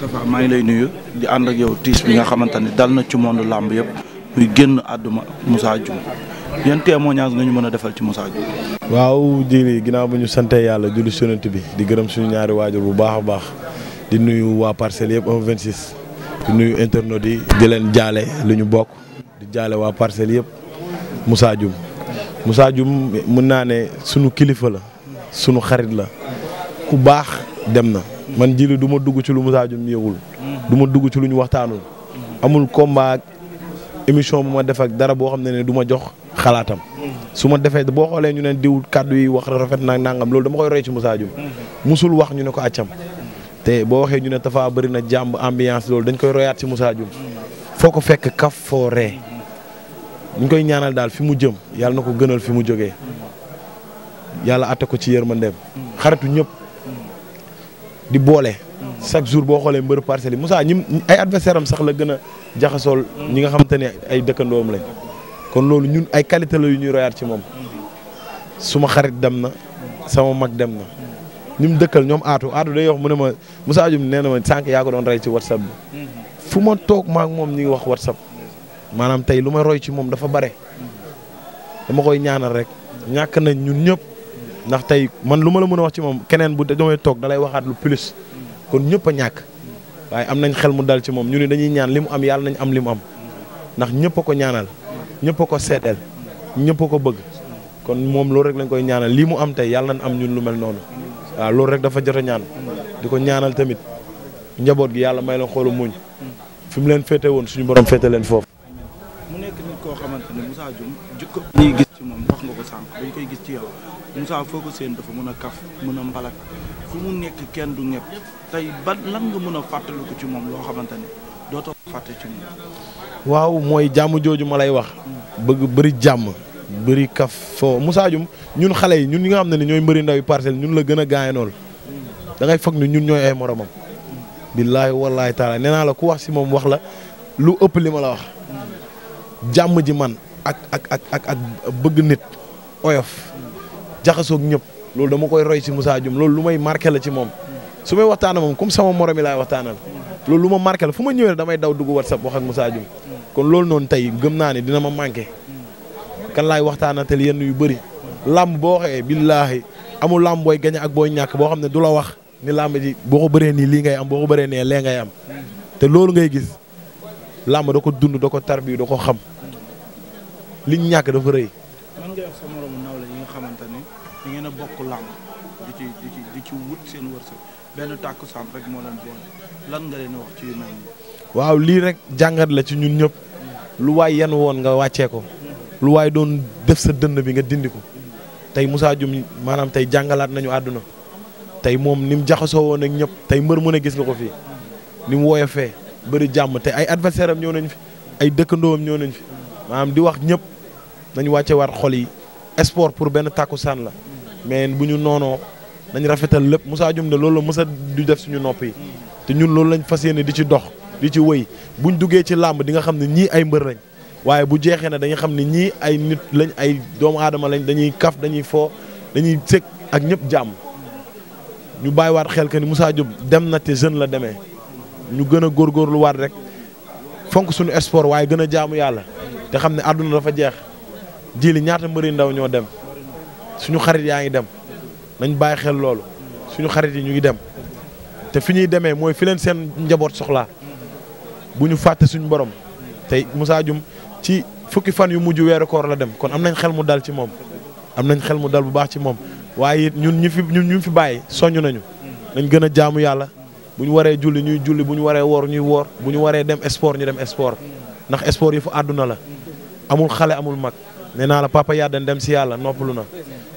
Tafa maa ngi lay nuyu di ànd ak yow tiis bi nga xamante ni dal na ci monde làmb yëpp muy génn àdduma Moussa Dioum yan témoignage nga ñu mën a defal ci Moussa Dioum. waaw jili ginnaaw bu ñu sante yàlla julli sonent bi di gërëm suñu ñaari waajur bu baax a baax di nuyu waa parcelle yëpp 1 26 di nuyu internautes yi di leen jaale lu ñu bokk di jaale waa parcelle yëpp Moussa Dioum Moussa mën naa ne suñu kilifa la sunu xarit la ku baax dem na. man jili du ma dugg ci lu Moussa Dioum yëgul du ma dugg ci lu ñu waxtaanul amul combat ak émission bu ma def dara boo xam ne ne du ma jox xalaatam su ma defee boo xoolee ñu ne diw kàddu yi wax rafet na nangam loolu dama koy roy ci Moussa Dioum wax ñu ne ko accam te boo waxee ñu ne Tapha bëri na jàmb ambiance loolu dañ koy royaat ci Moussa Dioum foo ko fekk kaf foo ree ñu koy ñaanal daal fi mu jëm yàlla na ko gënal fi mu jógee yàlla atte ko ci yërmandeem xaritu ñëpp di boole. chaque jour boo xoolee mbër parcelle yi Moussa ay adversaire am sax la gën a jaxasool ñi nga xamante ne ay dëkkandoom lañ kon loolu ñun ay qualité la yu ñuy royaat ci moom suma xarit dem na sama mag dem na ñu dëkkal ñoom aatu aatu day wax mu ne ma Moussa Dioum nee na ma sànq yaa ko doon rey ci whatsapp bi fu ma toog maak moom ñu ngi wax whatsapp maanaam tey lu ma roy ci moom dafa bare ma koy ñaanal rek ñàkk nañ ñun ñëpp. ndax tey man lu ma la mën a wax ci moom keneen bu damay toog dalay waxaat lu plus kon ñëpp a ñàkk waaye am nañ xel mu dal ci moom ñu ne dañuy ñaan li mu am yàlla nañ am li mu am ndax a ko ñaanal ñëpp a ko seetal ñëpp ko bëgg kon moom loolu rek lañ koy ñaanal lii mu am tey yàlla nañ am ñun lu mel noonu waaw loolu rek dafa jot a ñaan di ko ñaanal tamit njaboot gi yàlla may leen xoolu muñ fi mu leen féete woon suñu borom féete leen foofu. koo xamante ne Moussa Dioum ci moom wax nga ko sànq dañ koy gis ci yow Moussa foo ko seen dafa mën a kaf mën a mbalak fu mu nekk kenn du ñëpp tey ba lan nga mën a fàttaliku ci moom loo xamante ne dootoo fàtte ci moom. waaw mooy jàmm jooju ma lay wax. Hmm. bëgg bëri jàmm. bëri kaf foo musaa Dioum ñun xale yi ñun ñi nga xam ne ñooy mbëri ndaw yi parcelle ñun la gën a gaayanool hmm. da ngay foog ni ñun ñooy ay moromam. Hmm. billaahi wallaahi taala nee naa la ku wax si moom wax la lu ëpp li ma la wax. jàmm ji man ak ak ak ak ak bëgg nit oyof. jaxasoog ñëpp loolu dama koy roy si Moussa loolu lu may marqué la ci moom su may waxtaana moom comme sama morom yi laay waxtaanal loolu lu ma marqué la fu ma ñëwee damay daw dugg WhatsApp wax ak Moussa Dioum kon loolu noonu tey gëm naa ne dina ma manqué kan laay waxtaanatel yenn yu bëri làmb boo waxee billaahi amul làmb booy gañ ak booy ñàkk boo xam ne du la wax ni làmb ji boo ko bëree nii lii ngay am boo ko bëree nee lee ngay am te loolu ngay gis làmb da ko dund da ko tarbi da ko xam liñ ñàkk dafa rëy nan ngay wax sa moromu nawle yi nga xamante ni da ngeen a bokk làmb di ci di ci di rek moo leen lan nga leen ci waaw lii rek jàngat la ci ñun ñëpp lu waay yan woon nga wàccee ko lu waay doon def sa dënn bi nga dindi ko tey Moussa Dioum maanaam tey jàngalaat nañu àdduna tey moom ni mu jaxasoo woon ak ñëpp tey mbër mu ne gis nga ko fii ni mu woyofee bëri jàmm te ay adversaire am ñëw nañ fi ay dëkkandoom ñëw nañ fi maanaam di wax ñëpp. nañ wàccee war xol yi sport pour benn tàkku tàkkusaan la mais bu ñu noonoo nañ rafetal lépp Moussa Dioum de loolu la Moussa du def suñu nopp yi te ñun loolu lañ fas yéene di ci dox di ci wëy buñ duggee ci làmb di nga xam ne ñii ay mbër lañ waaye bu jeexee na dañuy xam ne ñii ay nit lañ ay doomu aadama lañ dañuy kaf dañuy foo dañuy sëg ak ñëpp jàmm ñu bàyyiwaat xel que ni Moussa Diop dem na te jeune la demee ñu gën a lu waat rek fonk suñu sport waaye gën a jaamu yàlla xam ne àdduna dafa jeex ji ñaata ñaata mbëri ndaw ñoo dem suñu xarit yaa ngi dem nañ bàyyi xel loolu suñu xarit yi ñu ngi dem te fi ñuy demee mooy fi seen njaboot soxla bu ñu fàtte suñu borom tey Moussa Dioum ci fukki fan yu mujj weeru koor la dem kon am nañ xel mu dal ci moom am nañ xel mu dal bu baax ci moom waaye it ñun ñu fi ñun ñu fi bàyyi soññ nañu nañ gën a jaamu yàlla bu ñu waree julli ñuy julli bu ñu waree woor ñuy woor bu ñu waree dem sport ñu dem sport ndax sport yi fu àdduna la amul xale amul mag nee naa la Papa Yade dem si yàlla noppalu na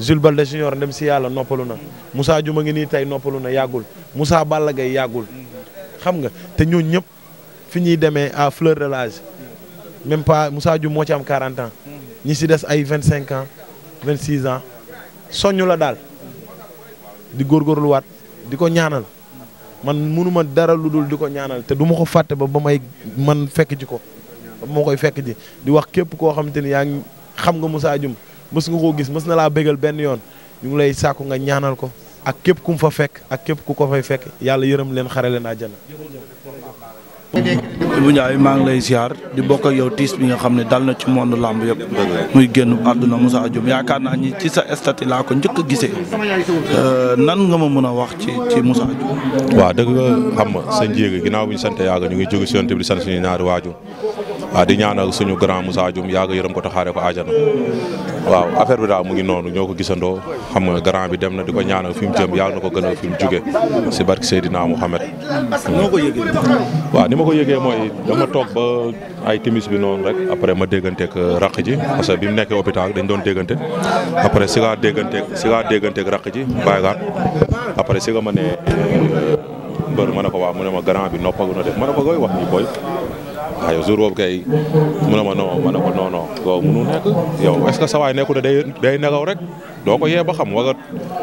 Jules Balde Junior dem si yàlla noppalu na Moussa Diouma ngi nii tey noppalu na yàggul Moussa Balla Gaye yàggul xam nga te ñooñu ñëpp fi ñuy demee à fleur de l'âge même pas Moussa Dioum moo ci am 40 ans ñi si des ay vingt cinq 25 ans 26 ans soññu la daal di góorgóorluwaat di ko ñaanal man mënuma dara lu dul di ko ñaanal te du ma ko fàtte ba ba may man fekk ji ko ba ma koy fekk ji di wax képp koo xamante ni yaa xam nga Moussa Dioum mës nga koo gis mës na laa bégal benn yoon ñu ngi lay sàkku nga ñaanal ko ak képp ku mu fa fekk ak képp ku ko fay fekk yàlla yërëm leen xare leen àjjana. Ibou Ndiaye maa ngi lay ziar di bokk ak yow bi nga xam ne dal na ci monde lamb yëpp. muy génn àdduna Moussa Dioum yaakaar naa ni ci sa stati laa ko njëkk a gisee. Euh, nan nga ma mën a wax ci ci Moussa Dioum. waaw xam nga sa njéeg ginnaaw bi ñu sant yàgg ñu ngi jóge si yoon bi di sant suñu ñaari waajur waaw di ñaanal suñu grand Moussa Dioum yaaga yërëm ko taxaare ko aajana waaw affaire bi daal mu ngi noonu ñoo ko gisandoo xam nga grand bi dem na di ko ñaana fi mu jëm yàlla na ko gën a fi mu jóge si barke Seydina Mouhamed waaw ni ma ko yegee mooy dama toog ba ay timis bi noonu rek après ma dégganteeg raq ji parce que bi mu nekkee hôpital dañ doon déggante après si nga dégganteeg si nga dégganteeg raq ji bàyyi gaat après si nga ma ne euh, mbër ma ne ko waa mu ne ma grand bi noppagu na def ma ne ko koy waaw yow jour boobu kay mu ne ma non ma ne ko non non nekk yow est-ce que sa waay da day day rek doo ko yee ba xam wala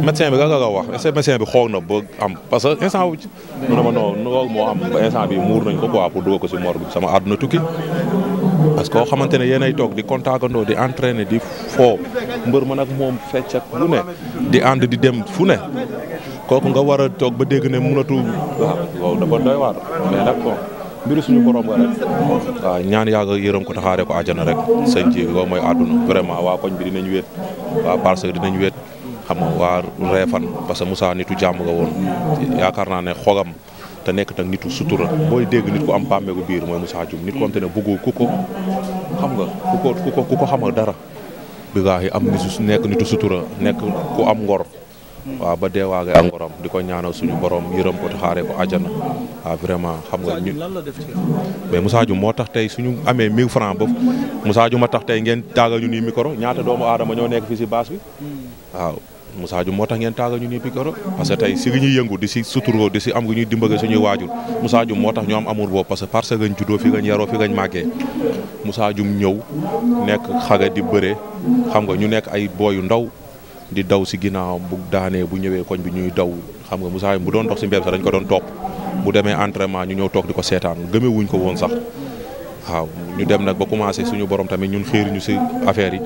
médecin bi nga nga wax est-ce que médecin bi xool na ba am parce que instant wu mu ne ma ba instant bi muur nañ ko quoi pour dugal ko si morgue sama àdduna tukki parce que koo xamante ne yéenay toog di contagandoo di entraîner di foo mbër ma ak moom fecc ak lu ne di ànd di dem fu ne kooku nga war a toog ba dégg ne mënatul waaw dafa doy waar mais nag bon mbiru suñu borom nga rek waaw ñaan yàgg yërëm ko taxaare ko àjjana rek sëñ ji loolu mooy àdduna vraiment waa koñ bi dinañ wéet waa parce que dinañ wéet xam nga waa reefan parce que Moussa nitu jàmm nga woon yaakaar naa ne xogam te nekk nag nitu sutura booy dégg nit ku am bàmmeeku biir mooy Moussa Dioum nit ko am te ne bëggoo ku ko xam nga ku ko ku ko ku ko xamal dara billaahi am nitu nekk nitu sutura nekk ku am ngor waaw ba deewaage ak ngorom di ko ñaanal suñu borom yërëm ko te xaaree ko àjjana waaw vraiment xam nga ñu mais Moussa Dioum moo tax tey suñu amee 1000 francs ba Moussa Dioum ma tax tey ngeen ñu nii micro ñaata doomu aadama ñoo nekk fii si baas bi hmm. waaw Moussa Dioum moo tax ngeen taaga ñu nii micro parce que tey si gi ñuy yëngu di si suturoo di si am gi ñuy dimbale suñuy waajur Moussa moo tax ñu am amour boobu parce que parce que gañ juddoo fi gañ yaroo fi gañ màggee Moussa Dioum ñëw nekk xaga di bëre xam nga ñu nekk ay booyu ndaw di daw si ginnaaw bu daanee bu ñëwee koñ bi ñuy daw xam nga Moussa bu doon dox si mbéb sax dañ ko doon toog bu demee entraînement ñu ñëw toog di ko seetaan gëmee wuñ ko woon sax waaw ñu dem nag ba commencé suñu borom tamit ñun xiir ñu si affaire yi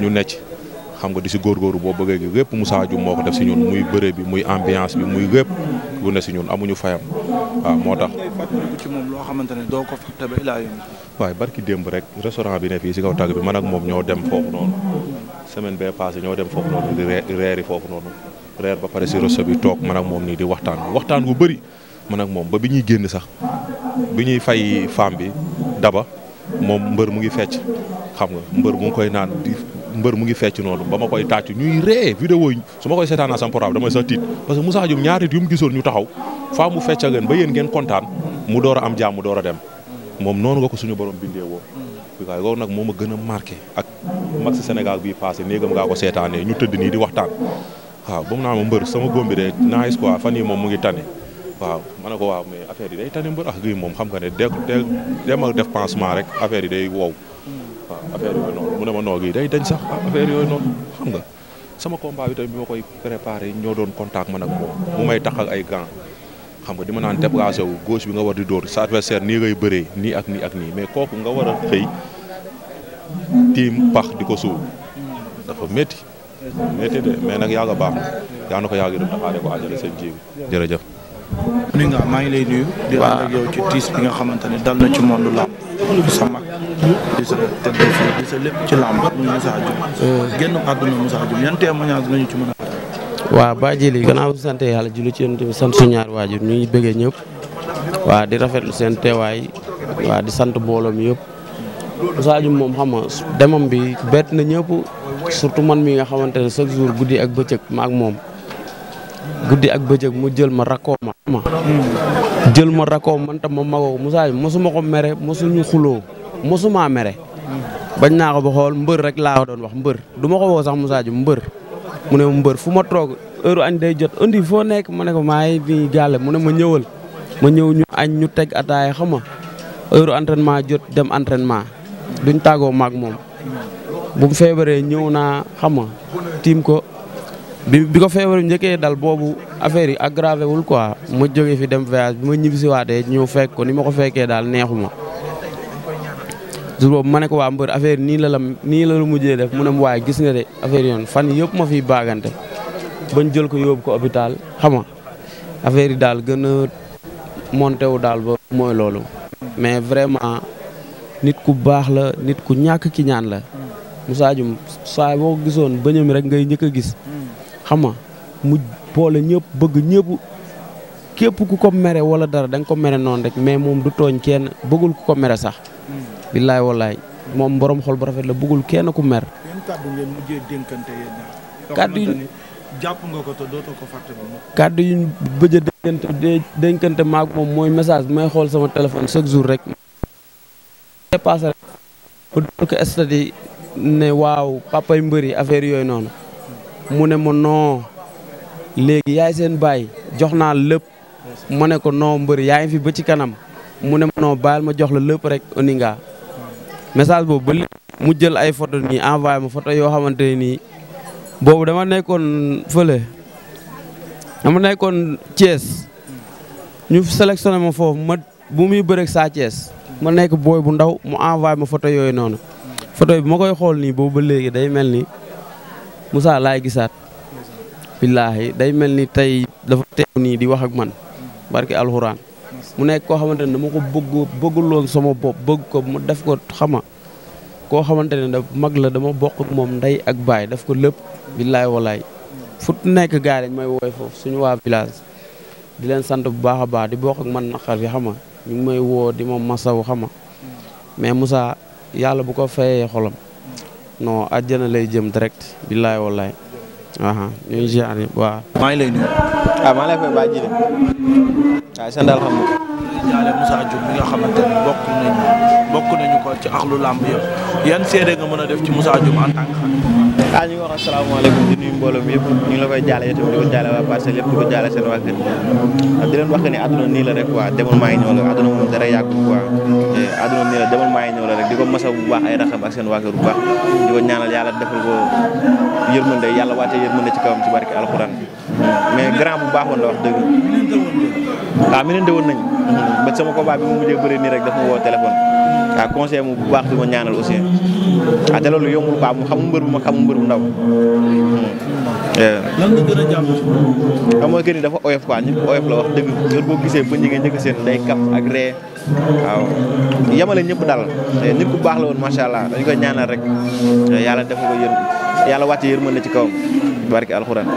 ñu necc xam nga di si góorgóorlu boo bëggee gi yëpp moo ko def si ñun muy bëre bi muy ambiance bi muy yëpp lu ne si ñun amuñu fayam moo tax. loo xamante ne doo ko fàtte ba waaye barki démb rek restaurant bi fii si kaw tàgg bi man ak moom ñoo dem foofu noonu. semaine bee passé ñoo dem foofu noonu di reeri foofu noonu reer ba pare si resto bi toog man ak moom nii di waxtaan waxtaan gu bëri man ak moom ba bi ñuy génn sax bi ñuy fay femme bi daba moom mbër mu ngi fecc xam nga mbër mu ngi koy naan di mbër mu ngi fecc noonu ba ma koy tàccu ñuy ree vidéo yi su ma koy seetaan sama portable damay sax tiit parce que Moussa Dioum ñaari nit yu mu gisoon ñu taxaw faa mu fecc a ba yéen ngeen kontaan mu door am jàmm mu door a dem moom noonu nga ko suñu borom bindee woo. Mm. nag moo ma gën a mag si Sénégal bii passé néegam ngaa ko seetaanee ñu tëdd nii di waxtaan waaw ba mu naa ma mbër sama góombi de nice quoi fan yi moom mu ngi tane waaw ma ne ko waaw mais affaire yi day tane mbër ak ah gii moom xam nga ne de demal def affaire yi day wow waaw affaire yooyu noonu mu ne ma noog yi day dañ sax ah affaire yooyu noonu xam nga sama combat bi tamit bi ma koy préparé ñoo doon contact man ak moom mu may tax ak ay gants xam nga di ma naan déplacé wu gauche bi nga war di dóor sa adversaire nii yu bëree nii ak nii ak nii mais kooku nga war a xëy tiim pax di ko suuf dafa metti métti de mais nag yàgg a baax na yaa na ko yàgg itam dafa ko àjjale seen jiw jërëjëf. ni nga maa ngi lay nuyu. di ànd yow ci tiis bi nga xamante ne dal na ci lu làmb sa mag di di sa lépp ci làmb muy Moussa Dioum génn àdduna Moussa Dioum yan témoignage nañu ci mën a. waaw Baye Djili gannaaw bi sant yàlla julli ci yéen tamit sant su ñaari waajur ñu ngi bëggee ñëpp waa di rafetlu seen teewaay waa di sant mbooloo mi yëpp. Sadio moom xama nga demam bi bet na ñëpp surtout man mii nga xamante ne chaque jour guddi ak bëccëg ma ak moom guddi ak bëccëg mu jël ma rakkoo ma ma jël ma rakkoo man tam ma magoo mu Sadio mosuma ko mere mosuñu xuloo mosuma mere bañ naa ko ba xool mbër rek laa ko doon wax mbër du ma ko sax mu Sadio mbër mu ne mbër fu ma toog heure añ day jot indi foo nekk ma ne ko maay bi gàlle mu ne ma ñëwal ma ñëw ñu añ ñu teg ataay xam nga heure entraînement jot dem entraînement duñ tàggoo maag moom bu feebaree ñëw naa xama tiim ko bi bi ko feebar njëkkee dal boobu affaire yi aggravé wul quoi ma jógee fi dem voyage bi ma ñibbisiwaatee ñëw fekk ko ni ma ko fekkee daal neexuma jour boobu ma ne ko waa mbër affaire nii la la nii la la mujjee def mu ne mu waaye gis nga de affaire yoon fan yëpp ma fiy baagante bañ jël ko yóbbu ko hôpital xam nga affaire yi daal gën a monté daal ba mooy loolu mais vraiment nit ku baax la nit ku ñàkk ki ñaan la Moussa Dioum saa boo ko gisoon bëñam rek ngay njëkk a gis xam nga mu boole ñëpp bëgg ñëpp képp ku ko mere wala dara da nga ko mere noon rek mais moom du tooñ kenn bëggul ku ko mere sax billaay wallaay moom borom xol bu rafet la bëggul kenn ku mer kàddu yi jàpp nga ko te dootoo ko fàtte ba kàddu yi bëj a dénkante dénkante maag moom mooy message may xool sama téléphone chaque jour rek dépassé rek pour que stade yi ne waaw papay mbëri affaire yooyu noonu mu ne ma non léegi yaay seen baay jox naa lépp ma ne ko non mbëri yaa ngi fi ba ci kanam mu ne ma non baal ma jox la lépp rek oninga message boobu ba léegi mu jël ay photo nii envoyé ma photo yoo xamante ne nii boobu dama nekkoon fële dama nekkoon Thiès ñu sélectionné ma foofu ma bu muy bëreeg saa Thiès ma nekk booy bu ndaw mu envoyé ma photo yooyu noonu photo bi ma koy xool nii boobu ba léegi day mel ni Moussa laay gisaat billaahi day mel ni tey dafa teew nii di wax ak man barki alxuraan mu nekk koo xamante ne dama ko bëgg bëgguloon sama bopp bëgg ko mu def ko xama koo xamante ne da mag la dama bokk ak moom ndey ak baay def ko lépp billaay walaay fut nekk gars dañ may wooy foofu suñu waa village di leen sant bu baax a baax di bokk ak man naqar bi xam ñu ngi may woo di ma masawu xama mais Moussa yàlla bu ko fayee xolam non àjjana lay jëm direct billaay wallaay aha ñu lay nuyu waaw ah, maa lay fay ba jide waaw sant alhamdulilah jaale Moussa Dioum mi nga xamante bokk nañu bokk nañu ko ci axlu làmb yëpp yan seede nga mën a def ci Moussa Dioum en tant que ah ñu ngi wax mbooloo mi yëpp ñu ngi la koy jaale yow tamit di ko ah, la rek quoi demoon maa ngi ñëw la rek di ko masaw bu baax ay raxam ak seen waa kër bu baax di ko ñaanal yàlla defal ko yërmande yàlla waate yërmande ci kawam ci barke alxuraan mais grand bu baaxoon la wax dëgg waaw mi neen dëwoon nañ ba sama combat mu mujjee bëri rek daf ma woo waaw conseil mu bu baax di ma ñaanal aussi ah te loolu yombul quoi mu xamul mbër bu mag xamul mbër bu ndaw. Hmm. lan nga gën a jàpp xam dafa oyof quoi nit ku oyof la wax dëgg yoon boo gisee ba ñi nga njëkk seen day kaf ak yamale ñëpp daal nit ku baax la woon macha allah dañu ko ñaanal rek yàlla def ko yër yàlla wàcce yërmande ci kaw barki alxuraan